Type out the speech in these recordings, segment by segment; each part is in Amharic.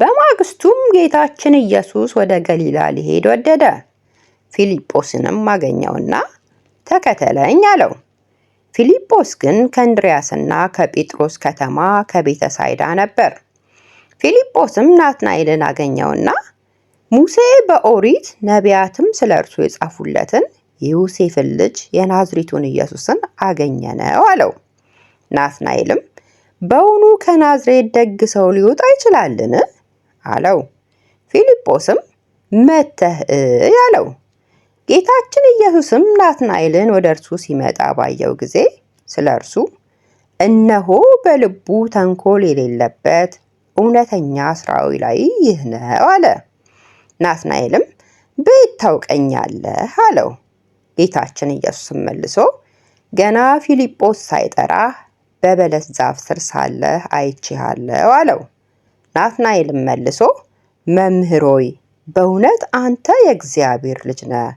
በማግስቱም ጌታችን ኢየሱስ ወደ ገሊላ ሊሄድ ወደደ። ፊልጶስንም አገኘውና ተከተለኝ አለው። ፊልጶስ ግን ከእንድርያስና ከጴጥሮስ ከተማ ከቤተ ሳይዳ ነበር። ፊልጶስም ናትናኤልን አገኘውና ሙሴ በኦሪት ነቢያትም ስለ እርሱ የጻፉለትን የዮሴፍን ልጅ የናዝሪቱን ኢየሱስን አገኘነው አለው። ናትናኤልም በውኑ ከናዝሬት ደግ ሰው ሊወጣ ይችላልን? አለው። ፊልጶስም መተህ እይ አለው። ጌታችን ኢየሱስም ናትናኤልን ወደ እርሱ ሲመጣ ባየው ጊዜ ስለ እርሱ እነሆ በልቡ ተንኮል የሌለበት እውነተኛ ስራዊ ላይ ይህ ነው አለ። ናትናኤልም በየት ታውቀኛለህ አለው። ጌታችን ኢየሱስም መልሶ ገና ፊልጶስ ሳይጠራህ በበለስ ዛፍ ስር ሳለህ አይቼሃለሁ አለው። ናትናኤልም መልሶ መምህሮይ በእውነት አንተ የእግዚአብሔር ልጅ ነህ፣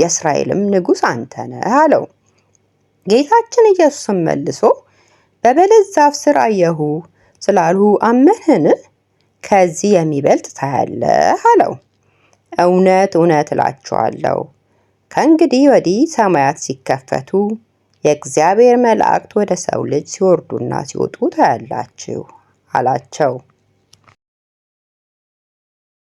የእስራኤልም ንጉሥ አንተ ነህ አለው። ጌታችን ኢየሱስም መልሶ በበለስ ዛፍ ስር አየሁ ስላልሁ አመንህን? ከዚህ የሚበልጥ ታያለህ አለው። እውነት እውነት እላችኋለሁ ከእንግዲህ ወዲህ ሰማያት ሲከፈቱ የእግዚአብሔር መላእክት ወደ ሰው ልጅ ሲወርዱና ሲወጡ ታያላችሁ አላቸው።